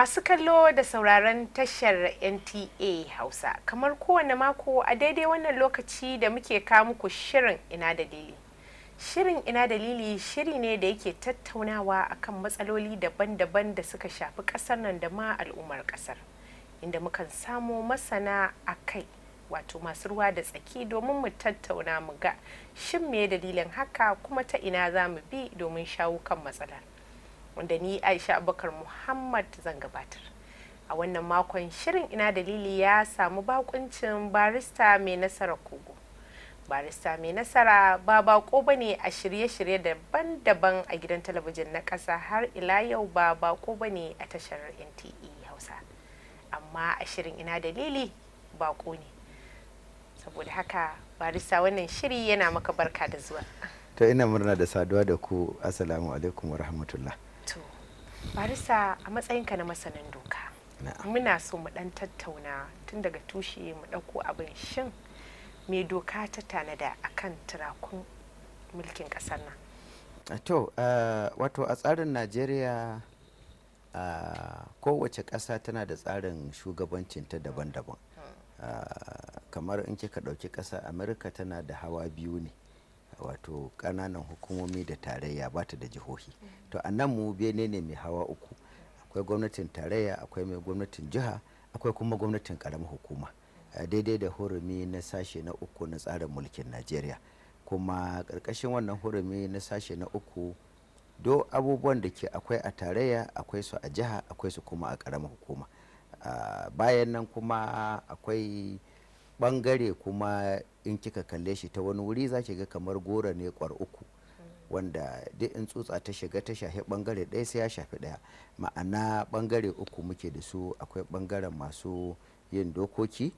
Masu kallo da sauraron tashar NTA Hausa, kamar kowane mako a daidai wannan lokaci da muke kawo muku shirin ina dalili. Shirin ina dalili shiri ne da yake tattaunawa akan matsaloli daban-daban da suka shafi kasar nan da ma al'ummar kasar inda mukan samo masana a kai wato masu ruwa da tsaki domin mu tattauna mu ga shin me dalilin haka kuma ta ina za mu bi domin shawo kan matsalar. wanda ni aisha abubakar muhammad zan gabatar a wannan makon shirin ina dalili ya samu bakuncin barista mai nasara kogo barista mai nasara ba bako ba ne a shirye-shirye daban-daban a gidan talabijin na ƙasa har ila yau ba bako ba ne a tashar nte hausa amma a shirin ina dalili bako ne saboda haka barista wannan shiri yana maka barka da zuwa to ina murna da saduwa da ku assalamu alaikum wa rahmatullah barisa a matsayinka na masanin doka muna so mu dan tattauna tun daga tushe mu ɗauko abin shin me doka ta tanada akan turakun mulkin ƙasar nan to wato a tsarin najeriya kowace ƙasa tana da tsarin shugabancinta daban-daban hmm. kamar in kika ɗauki ƙasa amurka tana da hawa biyu ne wato kananan hukumomi da tarayya ba ta da jihohi to a nan mu bene ne mai hawa uku akwai gwamnatin tarayya akwai mai gwamnatin jiha akwai kuma gwamnatin karamin hukuma daidai da hurumi na sashe na uku na tsarin mulkin najeriya kuma ƙarƙashin wannan hurumi na sashe na uku do abubuwan da ke akwai a tarayya akwai su a jiha akwai su kuma a karamin hukuma bayan nan kuma akwai bangare kuma in kika kalle shi ta wani wuri za ki ga kamar gora ne kwar uku wanda duk in tsutsa ta shiga ta shafi bangare ɗaya sai ya shafi ɗaya ma'ana bangare uku muke da su akwai bangaren masu yin dokoki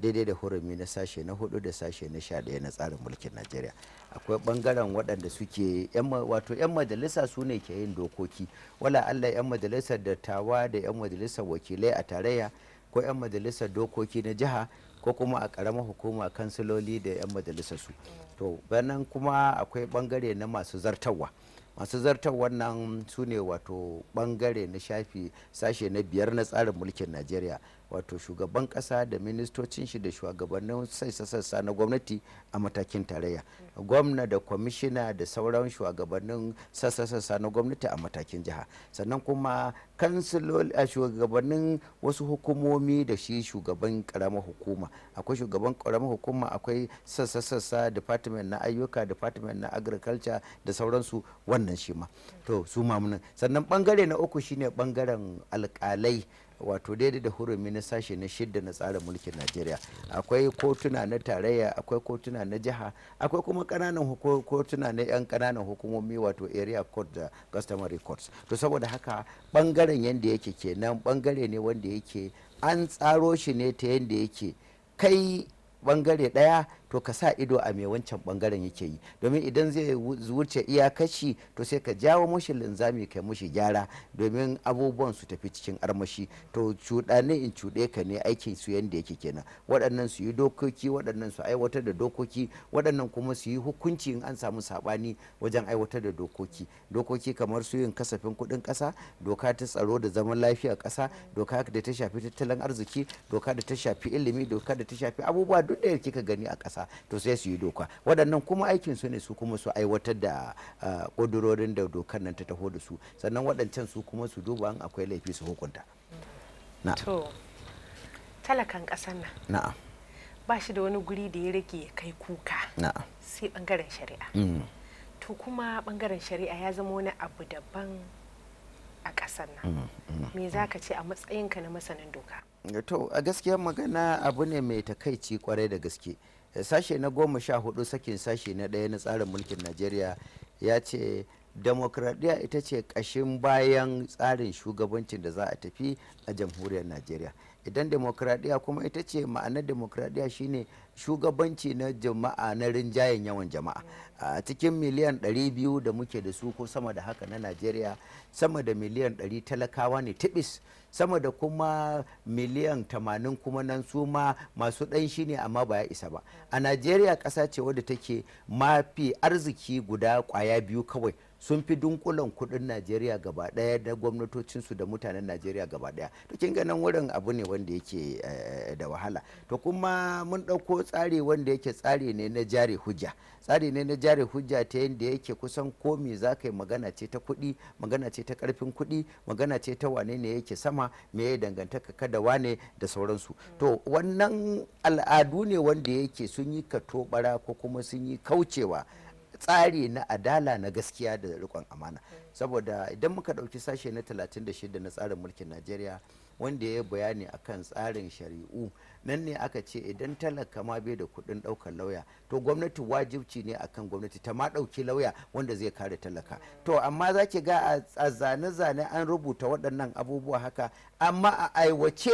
daidai da hurumi na sashe na hudu da sashe na sha daya na tsarin mulkin najeriya akwai bangaren waɗanda suke wato 'yan majalisa su ne ke yin dokoki wala allah 'yan majalisar dattawa da 'yan majalisar wakilai a tarayya ko 'yan majalisar dokoki na jiha ko kuma a karama hukuma kansiloli da 'yan majalisar su to bayanan kuma akwai bangare na masu zartarwa masu zartawa nan su ne wato bangare na shafi sashe na biyar na tsarin mulkin najeriya wato shugaban kasa da ministocin shi da shugabannin sassa na gwamnati a matakin tarayya gwamna da kwamishina da sauran shugabannin sassa na gwamnati a matakin jiha sannan kuma a shugabannin wasu hukumomi da shi shugaban karamar hukuma akwai shugaban karamar hukuma akwai sassa-sassa department na ayyuka department na agriculture da sauransu wannan shi ma to su sannan bangare na uku shine bangaren alkalai wato daidai da hurumi na sashe na shidda na tsarin mulkin najeriya akwai kotuna na tarayya akwai kotuna na jiha akwai kuma kananan kotuna na yan kananan hukumomi wato area court da customary courts to saboda haka bangaren yadda yake kenan bangare ne wanda yake an tsaro shi ne ta yadda yake kai bangare daya to ka sa ido a mai wancan bangaren yake yi domin idan zai wuce iyakashi to sai ka jawo mushi linzami kai mushi gyara domin abubuwan su tafi cikin armashi to cuɗane in cuɗe ka ne aikin su yanda yake kenan waɗannan su yi dokoki waɗannan su aiwatar da dokoki waɗannan kuma su yi hukunci in an samu saɓani wajen aiwatar da dokoki dokoki kamar su yin kasafin kuɗin ƙasa doka ta tsaro da zaman lafiya ƙasa doka da ta shafi tattalin arziki doka da ta shafi ilimi doka da ta shafi abubuwa duk da kika gani a ƙasa to sai su yi doka waɗannan kuma aikin su ne su kuma su aiwatar da ƙudurorin da dokar nan ta taho da su sannan waɗancan su kuma su duba an akwai laifi su hukunta na to talakan ƙasar nan na'am ba shi da wani guri da ya rage kai kuka na'am sai bangaren shari'a mm. to kuma bangaren shari'a ya zama wani abu daban a ƙasar nan mm, mm, me za ka ce a matsayinka na masanin doka to a gaskiyar magana abu ne mai takaici kwarai da gaske sashe na goma sha hudu sakin sashe na ɗaya na tsarin mulkin najeriya ya ce demokradiyya ita ce ƙashin bayan tsarin shugabancin da za a tafi a jamhuriyar najeriya idan demokradiyya kuma ita ce ma'anar demokradiyya shine shugabanci na jama'a na rinjayen yawan jama'a a cikin miliyan 200 da muke da su ko sama da haka na najeriya sama da miliyan 100 talakawa ne tibis sama da kuma miliyan tamanin kuma nan su ma masu ɗan shi ne amma ba ya isa ba a najeriya ƙasa ce wadda take mafi arziki guda kwaya biyu kawai sun fi dunkulan kudin najeriya gaba daya da gwamnatocinsu da mutanen najeriya gaba daya to kin ganin wurin abu ne wanda yake eh, da wahala to kuma mun ɗauko tsari wanda yake tsari ne na jari hujja tsari ne na jari hujja ta yadda yake kusan komi za ka yi magana ce ta kuɗi magana ce ta karfin kuɗi magana ce ta wane ne yake sama me ya dangantaka kada wane da sauransu to wannan al'adu ne wanda yake sun yi katobara ko kuma sun yi kaucewa tsari na adala na gaskiya da rikon amana saboda idan muka ɗauki sashe na 36 na tsarin mulkin najeriya wanda ya yi bayani akan tsarin shari'u nan ne aka ce idan talaka ma bai da kuɗin ɗaukar lauya to gwamnati wajibci ne akan gwamnati ta ma ɗauki lauya wanda zai kare talaka to amma za ki ga a zane-zane an rubuta waɗannan abubuwa haka amma a aiwace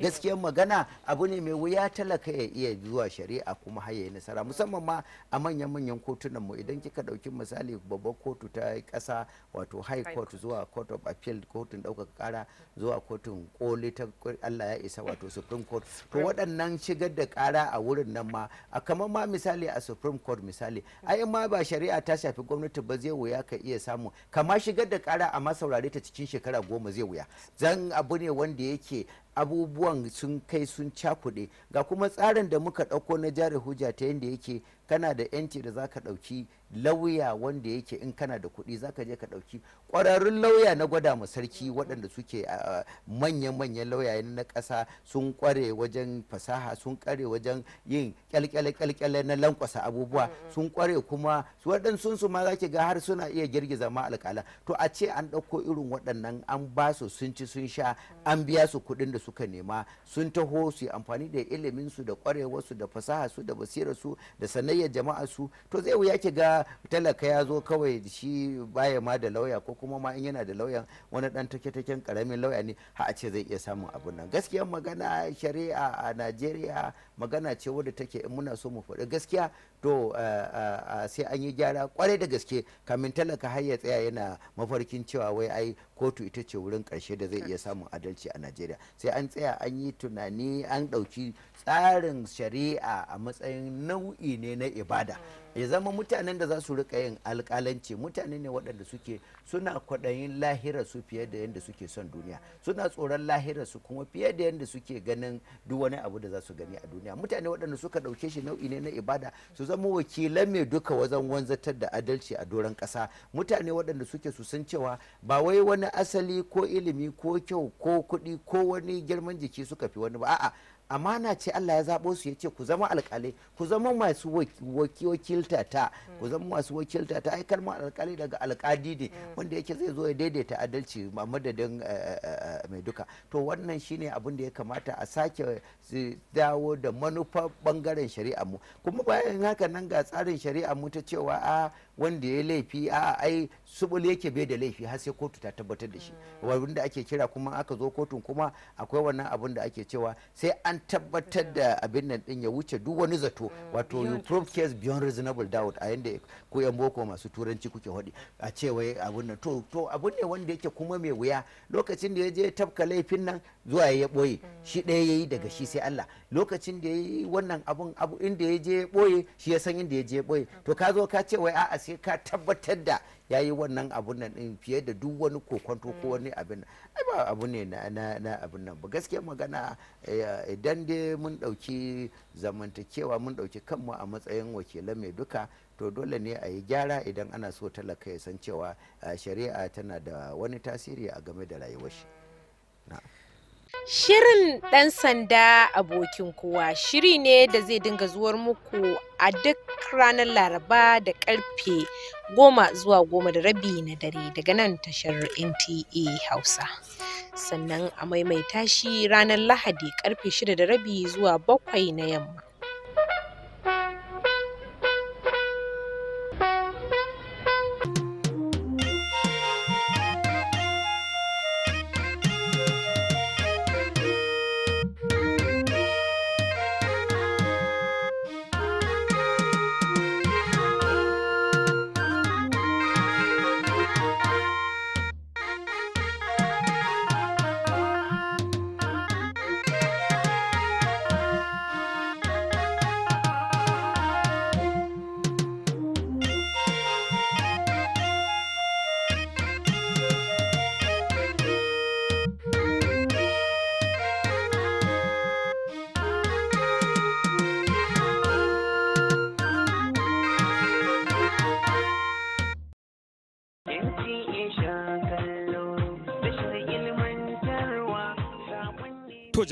gaskiyar magana abu ne mai wuya talaka ya iya zuwa shari'a kuma har yayi nasara musamman ma a manyan manyan kotunan mu idan kika ɗauki misali babbar kotu ta ƙasa wato high court zuwa court of appeal kotun daukar kara zuwa kotun koli ta Allah ya isa wato supreme court to waɗannan shigar da ƙara a wurin nan ma a kamar ma misali a supreme court misali ai ma ba shari'a ta shafi gwamnati ba zai wuya ka iya samu kama shigar da ƙara ma saurare ta cikin shekara goma zai wuya zan abu ne wanda yake abubuwan sun kai sun cakuɗe ga kuma tsarin da muka ɗauko na jari hujja ta yadda yake kana da yanci da zaka ɗauki lauya wanda yake in kana da kuɗi zaka je ka ɗauki ƙwararrun lauya na gwada ma sarki waɗanda suke manya-manyan lauya na ƙasa sun ƙware wajen fasaha sun ƙware wajen yin ƙyalƙyale-ƙyalƙyale na lankwasa abubuwa sun ƙware kuma waɗansu su ma zaki ga har suna iya girgiza ma alƙala to a ce an ɗauko irin waɗannan an ba su sun ci sun sha an mm. biya su kuɗin da suka nema sun taho su yi amfani da ilimin su da kwarewarsu da fasaha su da basirar su da sanayyar jama'a su to zai wuya ki ga talaka ya zo kawai shi baya ma da lauya ko kuma ma in yana da lauya wani dan take-taken karamin lauya ne ha a ce zai iya samun abun nan gaskiya magana shari'a a Najeriya magana ce wadda take in muna so mu faɗi gaskiya to eh, eh, eh, sai an yi gyara kwarai da gaske kamin talaka har ya tsaya yana mafarkin cewa wai ai kotu ita ce wurin ƙarshe da zai iya samun adalci a Najeriya sai an tsaya an yi tunani an ɗauki tsarin shari'a a matsayin nau'i ne na ibada ya zama mutanen da za su rika yin alkalanci mutane ne waɗanda suke suna kwaɗayin lahira su fiye da yadda suke son duniya suna tsoron lahira su kuma fiye da yadda suke ganin duk wani abu da za su gani a duniya mutane waɗanda suka ɗauke shi nau'i ne na ibada su zama wakilan mai duka wajen wanzatar da adalci a doron ƙasa mutane waɗanda suke su san cewa ba wai wani asali ko ilimi ko kyau ko kuɗi ko wani girman jiki suka fi wani ba a'a amana ce Allah ya zaɓo su ya ce ku zama alƙalai ku zama masu wakilta ta ku zama masu wakilta ta ai ma alƙalai daga alkadi ne mm. wanda yake zai zo ya daidaita adalci a madadin eh, eh, eh, mai duka to wannan shine abin da ya kamata a sake dawo da manufa bangaren shari'a mu kuma bayan haka nan ga tsarin shari'a mu ta cewa a ah, wanda ya laifi a ai subul yake bai da laifi har sai kotu ta tabbatar da shi mm. wanda ake kira kuma aka zo kotun kuma akwai wannan abin da ake cewa sai an tabbatar da mm. abin nan din ya wuce duk wani zato mm. wato you prove case beyond reasonable doubt a yanda ko yan boko masu turanci kuke hodi a cewa abin nan to to abin ne wanda yake kuma mai wuya lokacin da ya je tafka laifin nan zuwa ya boye shi ɗaya yayi daga shi sai Allah lokacin da ya yi wannan abun abu inda ya je boye shi ya san inda ya je boye to ka zo ka ce wai a'a sai ka tabbatar da ya yi wannan abun nan din fiye da duk wani kokonto ko wani abin ai ba abu ne na abin nan ba gaskiya magana eh, idan dai mun ɗauki zamantakewa mun ɗauki kanmu a matsayin wakilai mai duka to dole ne a yi gyara idan ana so talaka ya san cewa eh, shari'a tana da wani tasiri a game da rayuwar shi. Shirin ɗan sanda abokin kowa shiri ne da zai dinga zuwar muku a duk ranar Laraba da karfe goma zuwa goma da rabi na dare daga nan tashar NTA Hausa. Sannan a maimaita shi ranar Lahadi karfe shida da rabi zuwa bakwai na yamma.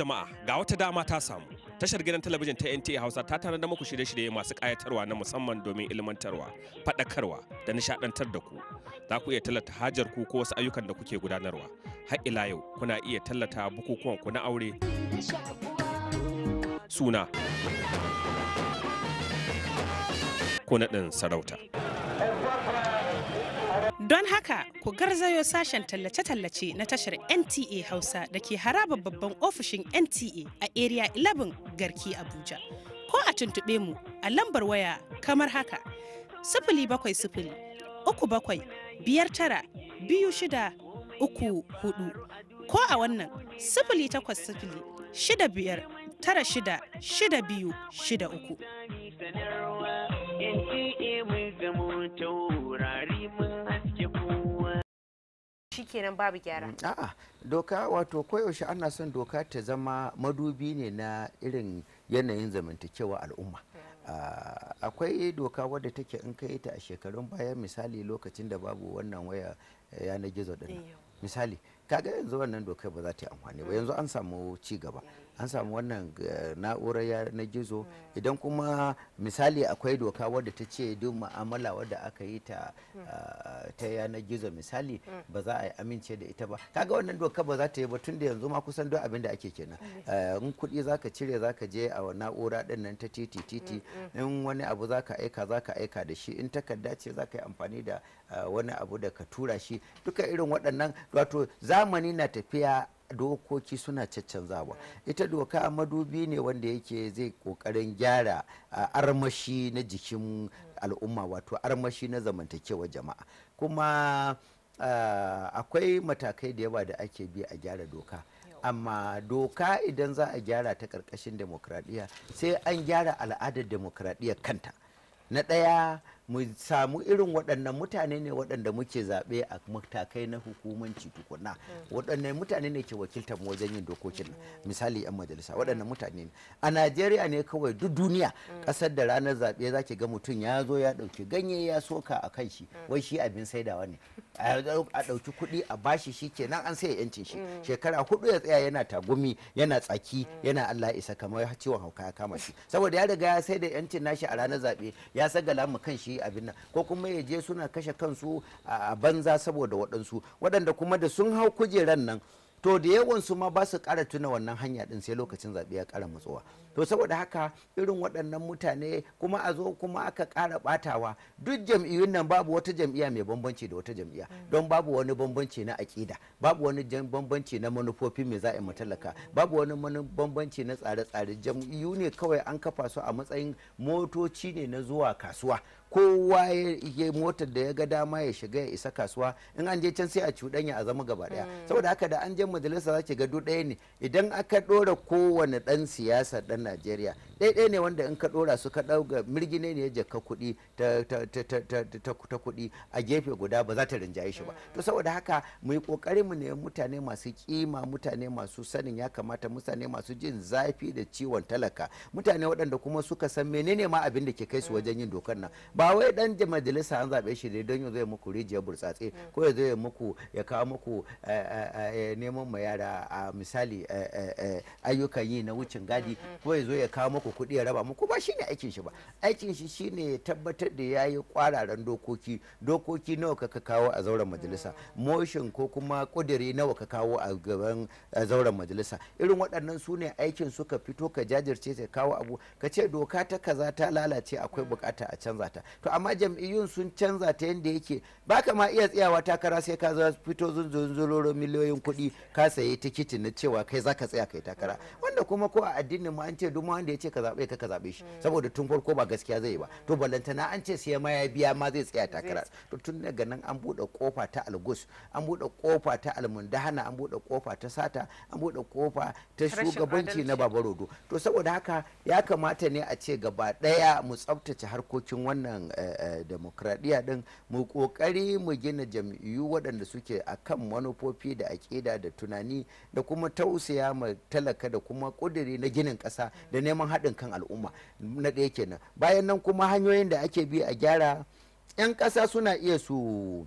jama'a ga wata dama ta samu tashar gidan talabijin ta NTA Hausa ta tanada muku shirye-shirye masu kayatarwa na musamman domin ilmantarwa, faɗakarwa da nishaɗantar da ku. Za ku iya tallata hajar ku ko wasu ayyukan da kuke gudanarwa. Har ila yau kuna iya tallata bukukuwan ku na aure. Suna. Ko naɗin sarauta. Don haka ku garzayo sashen tallace-tallace na tashar NTA Hausa da ke haraba babban ofishin NTA a Area 11 Garki Abuja. Ko a tuntube mu a lambar waya kamar haka. Sifili bakwai sifili, uku bakwai, biyar tara, biyu shida, uku hudu. Ko a wannan sifili takwas sifili, shida biyar, tara shida, shida biyu, shida uku. kenan babu gyara mm, a'a doka wato koyaushe ana son doka ta zama madubi ne na irin yanayin zamantakewa al'umma Uh, akwai doka wadda take in kai ta a shekarun baya misali lokacin da babu wannan waya eh, yanar gizo din misali kaga yanzu wannan doka ba za ta yi amfani ba mm. yanzu an samu ci gaba an samu wannan eh, na'urar na gizo idan kuma misali akwai doka wadda ta ce duk ma'amala wadda aka yi ta ah, ta yanar gizo misali ba za a yi amince da ita ba kaga wannan doka ba za ta yi ba tun da yanzu ma kusan duk abin da ake kenan eh, in kuɗi za ka cire za ka je a na'ura ɗin nan ta titi titi in wani abu za ka aika za ka aika da shi in takarda ce za ka yi amfani da ah, wani abu da ka tura shi duka irin waɗannan wato zamani na tafiya dokoki suna caccanzawa ita doka a madubi ne wanda yake zai kokarin gyara armashi na jikin al'umma wato armashi na zamantakewa jama'a kuma akwai matakai da yawa da ake bi a gyara doka amma doka idan za a gyara ta karkashin demokradiyya sai an gyara al'adar demokradiyyar kanta na ɗaya mu samu irin waɗannan mutane ne waɗanda muke zaɓe a matakai na hukumanci tukuna waɗannan mutane ne ke wakiltar mu wajen yin dokokin nan. misali 'yan majalisa waɗannan mutane ne a najeriya ne kawai duk duniya ƙasar da ranar zaɓe za ga mutum ya zo ya ɗauki ganye ya soka a kan shi wai shi abin saidawa ne a ɗauki kuɗi a bashi shi kenan an sai yancin shi shekara hudu ya tsaya yana tagumi yana tsaki yana allah isa kamar ciwon hauka ya kama shi saboda ya riga ya sai da yancin nashi a ranar zaɓe ya sagala mu kan shi abin nan ko kuma ya je suna kashe kansu a banza saboda waɗansu waɗanda kuma da sun hau kujeran nan to da yawan su ma ba su ƙara tuna wannan hanya din sai lokacin zaɓe ya ƙara matsowa to saboda haka irin waɗannan mutane kuma a zo kuma aka kara ɓatawa duk jam'iyyun nan babu wata jam'iyya mai bambanci da wata jam'iyya don babu wani bambanci na aƙida babu wani bambanci na manufofi mai za'in matalaka babu wani bambanci na tsare-tsare jam'iyyu ne kawai an kafa su a matsayin motoci ne na zuwa kasuwa kowa ya motar da ya ga dama ya shiga ya isa kasuwa in an je can sai a cuɗanya a zama gaba daya mm. saboda haka da an je majalisa za ki ga duk ɗaya ne idan aka ɗora kowane ɗan siyasa ɗan najeriya ɗaya ne wanda in ka ɗora su ka ɗauga mirgine ne ya jaka kuɗi ta kuɗi a gefe guda ba za ta rinjaye shi ba mm. to saboda haka mu yi ƙoƙari mu nemi mutane masu kima mutane masu sanin ya kamata mutane masu jin zafi da ciwon talaka mutane waɗanda kuma suka san menene ma abin da ke kai su mm. wajen yin dokar nan ba wai dan majalisa an zabe shi ne don ya ya muku rijiya burtsatse ko ya zo ya muku ya kawo muku eh, eh, eh, neman ma yara a misali ayyukan yi na wucin gadi ko ya zo ya kawo muku kuɗi ya raba muku ba shine aikin shi ba aikin shi shine ya tabbatar da yayi kwararan dokoki dokoki nawa ka kawo a zauren majalisa motion ko kuma kudiri nawa ka kawo a gaban zauren majalisa irin waɗannan su ne aikin suka fito ka jajirce ta kawo abu ka ce doka ta kaza ta lalace akwai bukata a canza ta to amma jam'iyyun sun canza ta yadda yake baka ma iya tsayawa takara sai ka zo fito zunzuloro miliyoyin kuɗi ka sayi tikiti na cewa kai za zaka tsaya kai takara wanda kuma ko a addinin mu an ce duk wanda ya ce ka zaɓe ka ka zaɓe shi hmm. saboda tun farko ba gaskiya zai ba to ballantana an ce sai ma ya biya ma zai tsaya takara to tun daga nan an buɗe kofa ta algus an buɗe kofa ta almundahana an buɗe kofa ta sata an buɗe kofa ta shugabanci na babarodo to saboda haka ya kamata ne a ce gaba ɗaya mu tsaftace harkokin wannan wannan eh, eh, demokradiyya din mu kokari mu gina jam'iyyu waɗanda suke a kan manufofi da aƙida da tunani da kuma tausaya ma talaka da kuma ƙuduri na ginin ƙasa da neman haɗin kan al'umma na ɗaya kenan bayan nan kuma hanyoyin da ake bi a gyara 'yan ƙasa suna iya su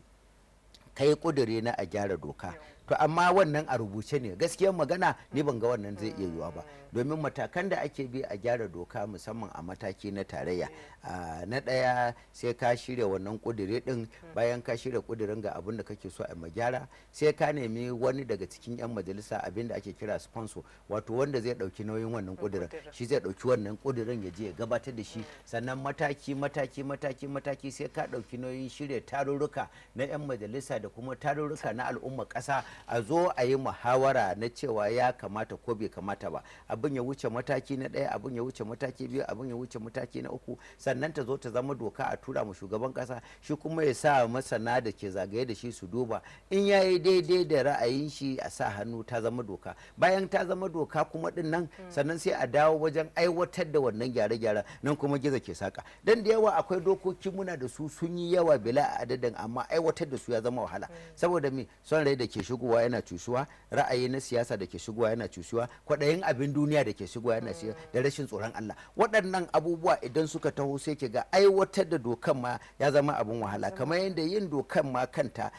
kai ƙuduri na a gyara doka to amma wannan a rubuce ne gaskiyar magana ni ban ga wannan zai iya yiwuwa ba domin matakan da ake bi a gyara doka musamman a mataki na tarayya ah, na ɗaya sai ka shirya wannan kudire din hmm. bayan ka shirya kudirin ga abin da kake so a gyara sai ka nemi wani daga cikin 'yan majalisa abin da ake kira sponsor wato wanda zai ɗauki nauyin wannan kudirin shi zai ɗauki wannan kudirin ya je ya gabatar da shi hmm. sannan mataki mataki mataki mataki sai ka ɗauki nauyin shirya tarurruka na 'yan majalisa da kuma tarurruka na al'umma ƙasa a zo a yi muhawara na cewa ya kamata ko bai kamata ba abin ya wuce mataki na ɗaya abin ya wuce mataki biyu abin ya wuce mataki na uku sannan ta zo ta zama doka a tura mu shugaban kasa shi kuma ya sa masana da ke zagaye da shi su duba in ya yi daidai da ra'ayin shi a sa hannu ta zama doka bayan ta zama doka kuma din nan hmm. sannan sai a dawo wajen aiwatar da wannan gyare gyare nan kuma gizo ke saka dan da yawa akwai dokoki muna da su sun yi yawa bila a adadin amma aiwatar da su ya zama wahala hmm. saboda me son rai da ke shigowa yana cusuwa ra'ayi na siyasa da ke shigowa yana cusuwa kwaɗayin abin duniya duniya da ke shigowa yana shiga da rashin tsoron Allah waɗannan abubuwa idan suka taho sai ki ga aiwatar da dokan ma ya zama abin wahala kamar yadda yin dokan ma kanta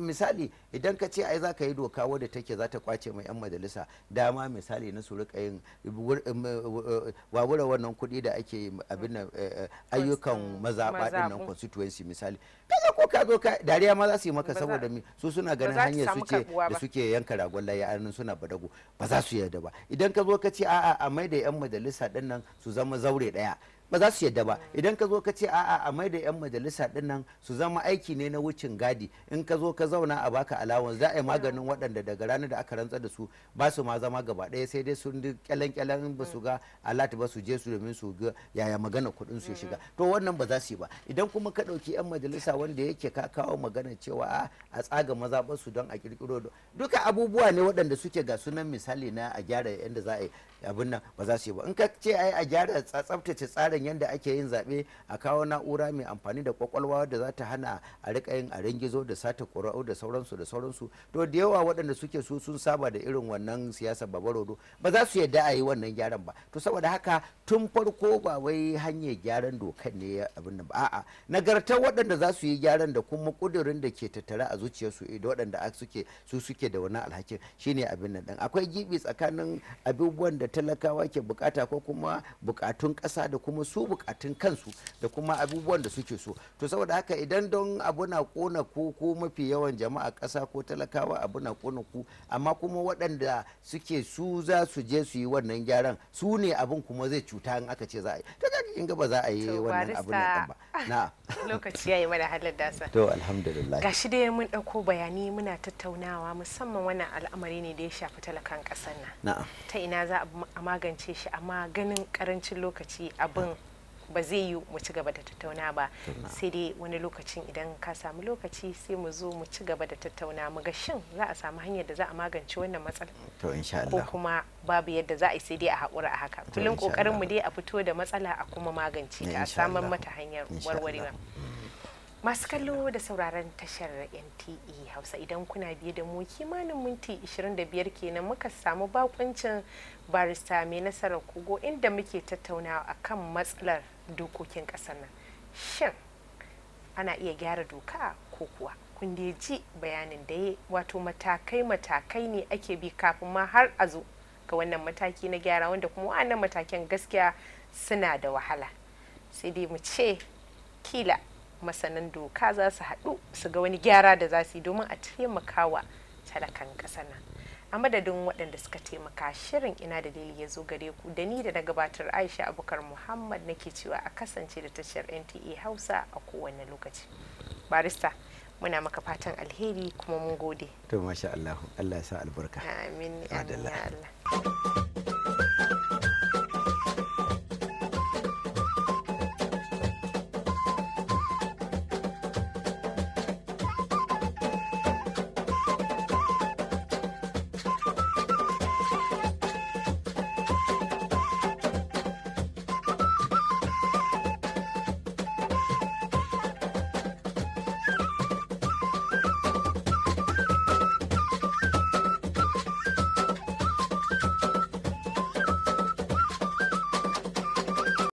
misali idan ka ce ai za ka yi doka wadda take za ta kwace mai yan majalisa dama misali na surika yin um, uh, wawura wannan kudi da ake abin eh, eh, ayyukan mazaɓa ɗin nan constituency misali kaga ko ka zo ka dariya ma za su yi maka saboda mi su suna ganin hanyar su ce da suke yanka ragon layi a nan suna badago ba za su yarda ba idan ka zo ka ce a'a a mai da yan majalisa ɗin nan su zama zaure ɗaya ba za su yadda ba idan ka zo ka ce a'a a mai da 'yan majalisa dinnan su zama aiki ne na wucin gadi in ka zo ka zauna a baka alawan za a yi maganin waɗanda daga ranar da aka rantsar da su ba su ma zama gaba ɗaya sai dai sun kyalen kyalen ba su ga alat ba su je su domin su ga yaya magana kuɗin su shiga to wannan ba za su yi ba idan kuma ka ɗauki 'yan majalisa wanda yake ka kawo magana cewa a tsaga mazaɓar su don a kirkiro duka abubuwa ne waɗanda suke ga sunan misali na a gyara yadda za a yi abin nan ba za su yi ba in ka ce ai a gyara tsaftace tsarin yadda ake yin zaɓe a kawo na'ura mai amfani da kwakwalwa da za ta hana a rika yin a gizo da sata ƙura'u da sauransu da sauransu to da yawa waɗanda suke su sun saba da irin wannan siyasar babarodo ba za su yadda a yi wannan gyaran ba to saboda haka tun farko ba wai hanyar gyaran dokan ne abin nan ba a'a nagartar waɗanda za su yi gyaran da kuma ƙudurin da ke tattara a zuciyarsu eh, da waɗanda suke su suke da wani alhakin shine abin nan ɗin akwai gibi tsakanin abubuwan da talakawa ke bukata ko kuma bukatun kasa da kuma su bukatun kansu da kuma abubuwan da suke so to saboda haka idan don abu na kona ku ko mafi yawan jama'a kasa ko talakawa abu na kona ku amma kuma waɗanda suke su za su je su yi wannan gyaran su ne abin kuma zai cuta in aka ce za a yi ta ga ba za a yi wannan abin ba lokaci ya yi mana halar dasa to alhamdulillah gashi dai mun ɗauko bayani muna tattaunawa musamman wannan al'amari ne da ya shafi talakan ƙasar nan ta ina za a magance shi amma ganin karancin lokaci abin ba zai yi mu ci gaba da tattauna ba sai dai wani lokacin idan ka samu lokaci sai mu zo mu ci gaba da tattauna mu ga shin za a samu hanyar da za a magance wannan matsala ko kuma babu yadda za a yi sai dai a haƙura a haka kullum kokarin mu dai a fito da matsala a kuma magance ta a samun mata hanyar warwarewa masu kallo da sauraron tashar nte hausa idan kuna biye da mu kimanin minti 25 kenan muka samu bakuncin barista mai nasarar kogo inda muke tattaunawa kan matsalar dokokin kasar nan shin ana iya gyara doka ko kuwa kunde ji bayanin da ya wato matakai-matakai ne ake bi kafin ma har a zo ga wannan mataki na gyara wanda kuma wannan matakin gaskiya suna da wahala sai dai mu ce kila masanan doka za su haɗu su ga wani gyara da za su yi domin a taimaka wa talakan ƙasa nan a madadin waɗanda suka taimaka shirin ina da dalili ya zo gare ku da ni da na gabatar aisha abubakar muhammad nake cewa a kasance da tashar nta hausa a kowane lokaci barista muna maka fatan alheri kuma mun gode to masha Allah Allah ya sa albarka amin amin ya Allah